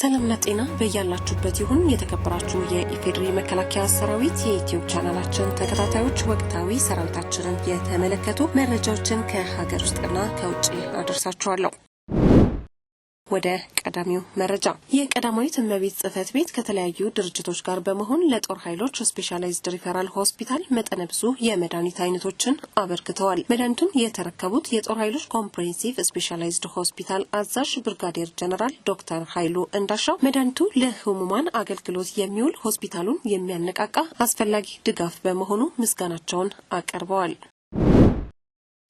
ሰላምና ጤና በያላችሁበት ይሁን። የተከበራችሁ የኢፌዴሪ መከላከያ ሰራዊት የዩቲዩብ ቻናላችን ተከታታዮች ወቅታዊ ሰራዊታችንን የተመለከቱ መረጃዎችን ከሀገር ውስጥና ከውጭ አደርሳችኋለሁ። ወደ ቀዳሚው መረጃ የቀዳማዊት እመቤት ጽህፈት ቤት ከተለያዩ ድርጅቶች ጋር በመሆን ለጦር ኃይሎች ስፔሻላይዝድ ሪፈራል ሆስፒታል መጠነ ብዙ የመድኃኒት አይነቶችን አበርክተዋል። መድኃኒቱን የተረከቡት የጦር ኃይሎች ኮምፕሬሄንሲቭ ስፔሻላይዝድ ሆስፒታል አዛዥ ብርጋዴር ጀነራል ዶክተር ኃይሉ እንዳሻው መድኃኒቱ ለህሙማን አገልግሎት የሚውል ሆስፒታሉን የሚያነቃቃ አስፈላጊ ድጋፍ በመሆኑ ምስጋናቸውን አቀርበዋል።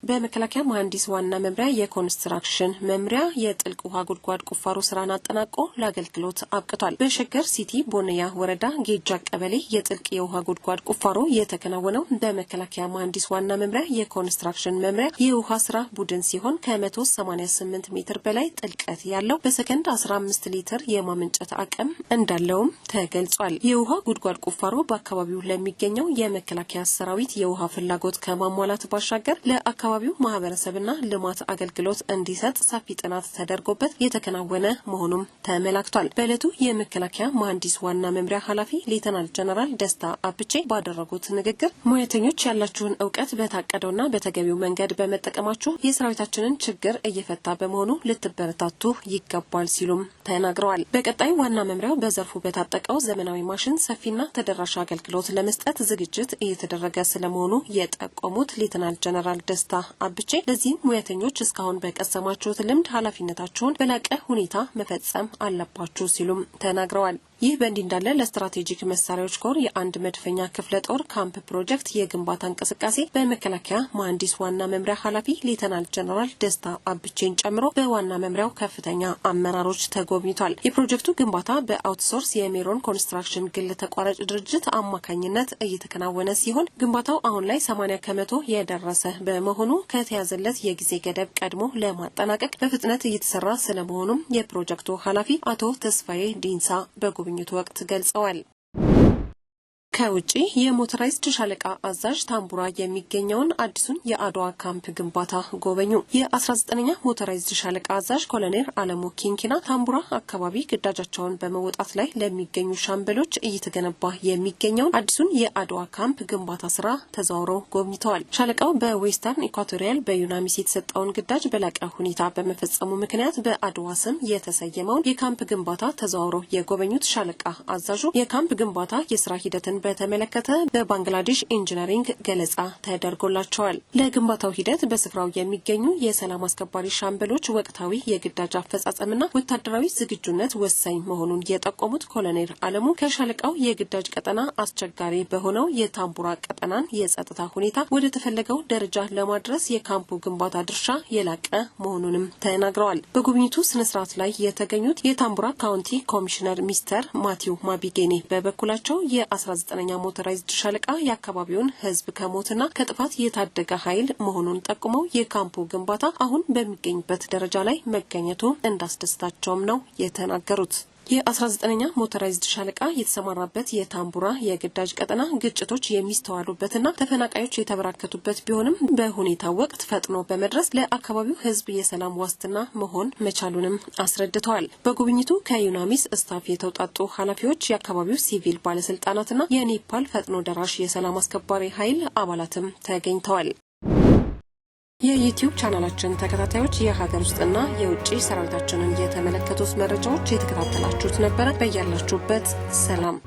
በመከላከያ መሐንዲስ ዋና መምሪያ የኮንስትራክሽን መምሪያ የጥልቅ ውሃ ጉድጓድ ቁፋሮ ስራን አጠናቆ ለአገልግሎት አብቅቷል። በሸገር ሲቲ ቦነያ ወረዳ ጌጃ ቀበሌ የጥልቅ የውሃ ጉድጓድ ቁፋሮ የተከናወነው በመከላከያ መሐንዲስ ዋና መምሪያ የኮንስትራክሽን መምሪያ የውሃ ስራ ቡድን ሲሆን ከ188 ሜትር በላይ ጥልቀት ያለው በሰከንድ 15 ሊትር የማመንጨት አቅም እንዳለውም ተገልጿል። የውሃ ጉድጓድ ቁፋሮ በአካባቢው ለሚገኘው የመከላከያ ሰራዊት የውሃ ፍላጎት ከማሟላት ባሻገር ለአካ ለአካባቢው ማህበረሰብና ልማት አገልግሎት እንዲሰጥ ሰፊ ጥናት ተደርጎበት የተከናወነ መሆኑም ተመላክቷል። በዕለቱ የመከላከያ መሀንዲስ ዋና መምሪያ ኃላፊ ሌተናል ጀነራል ደስታ አብቼ ባደረጉት ንግግር ሙያተኞች ያላችሁን እውቀት በታቀደውና በተገቢው መንገድ በመጠቀማችሁ የሰራዊታችንን ችግር እየፈታ በመሆኑ ልትበረታቱ ይገባል ሲሉም ተናግረዋል። በቀጣይ ዋና መምሪያው በዘርፉ በታጠቀው ዘመናዊ ማሽን ሰፊና ተደራሽ አገልግሎት ለመስጠት ዝግጅት እየተደረገ ስለመሆኑ የጠቆሙት ሌተናል ጀነራል ደስታ አብቼ ለዚህም ሙያተኞች እስካሁን በቀሰማችሁት ልምድ ኃላፊነታችሁን በላቀ ሁኔታ መፈጸም አለባችሁ ሲሉም ተናግረዋል። ይህ በእንዲህ እንዳለ ለስትራቴጂክ መሳሪያዎች ኮር የአንድ መድፈኛ ክፍለ ጦር ካምፕ ፕሮጀክት የግንባታ እንቅስቃሴ በመከላከያ መሐንዲስ ዋና መምሪያ ኃላፊ ሌተናል ጀነራል ደስታ አብቼን ጨምሮ በዋና መምሪያው ከፍተኛ አመራሮች ተጎብኝቷል። የፕሮጀክቱ ግንባታ በአውትሶርስ የሜሮን ኮንስትራክሽን ግል ተቋራጭ ድርጅት አማካኝነት እየተከናወነ ሲሆን ግንባታው አሁን ላይ 80 ከመቶ የደረሰ በመሆኑ ከተያዘለት የጊዜ ገደብ ቀድሞ ለማጠናቀቅ በፍጥነት እየተሰራ ስለመሆኑም የፕሮጀክቱ ኃላፊ አቶ ተስፋዬ ዲንሳ በጉ በጎበኙት ወቅት ገልጸዋል። ከውጪ የሞተራይዝድ ሻለቃ አዛዥ ታምቡራ የሚገኘውን አዲሱን የአድዋ ካምፕ ግንባታ ጎበኙ። የ19ኛ ሞተራይዝድ ሻለቃ አዛዥ ኮሎኔል አለሙ ኪንኪና ታምቡራ አካባቢ ግዳጃቸውን በመወጣት ላይ ለሚገኙ ሻምበሎች እየተገነባ የሚገኘውን አዲሱን የአድዋ ካምፕ ግንባታ ስራ ተዘዋውረው ጎብኝተዋል። ሻለቃው በዌስተርን ኢኳቶሪያል በዩናሚስ የተሰጠውን ግዳጅ በላቀ ሁኔታ በመፈጸሙ ምክንያት በአድዋ ስም የተሰየመውን የካምፕ ግንባታ ተዘዋውረው የጎበኙት ሻለቃ አዛዡ የካምፕ ግንባታ የስራ ሂደትን በተመለከተ በባንግላዴሽ ኢንጂነሪንግ ገለጻ ተደርጎላቸዋል። ለግንባታው ሂደት በስፍራው የሚገኙ የሰላም አስከባሪ ሻምበሎች ወቅታዊ የግዳጅ አፈጻጸምና ወታደራዊ ዝግጁነት ወሳኝ መሆኑን የጠቆሙት ኮሎኔል አለሙ ከሻለቃው የግዳጅ ቀጠና አስቸጋሪ በሆነው የታምቡራ ቀጠናን የጸጥታ ሁኔታ ወደ ተፈለገው ደረጃ ለማድረስ የካምፑ ግንባታ ድርሻ የላቀ መሆኑንም ተናግረዋል። በጉብኝቱ ስነስርዓት ላይ የተገኙት የታምቡራ ካውንቲ ኮሚሽነር ሚስተር ማቲው ማቢጌኔ በበኩላቸው የ19 ዘጠነኛ ሞተራይዝድ ሻለቃ የአካባቢውን ህዝብ ከሞትና ከጥፋት የታደገ ኃይል መሆኑን ጠቁመው የካምፑ ግንባታ አሁን በሚገኝበት ደረጃ ላይ መገኘቱ እንዳስደስታቸውም ነው የተናገሩት። የ19ኛ ሞተራይዝድ ሻለቃ የተሰማራበት የታምቡራ የግዳጅ ቀጠና ግጭቶች የሚስተዋሉበትና ተፈናቃዮች የተበራከቱበት ቢሆንም በሁኔታው ወቅት ፈጥኖ በመድረስ ለአካባቢው ሕዝብ የሰላም ዋስትና መሆን መቻሉንም አስረድተዋል። በጉብኝቱ ከዩናሚስ ስታፍ የተውጣጡ ኃላፊዎች፣ የአካባቢው ሲቪል ባለስልጣናትና የኔፓል ፈጥኖ ደራሽ የሰላም አስከባሪ ኃይል አባላትም ተገኝተዋል። የዩቲዩብ ቻናላችን ተከታታዮች የሀገር ውስጥና የውጭ ሰራዊታችንን የተመለከቱት መረጃዎች የተከታተላችሁት ነበረ። በያላችሁበት ሰላም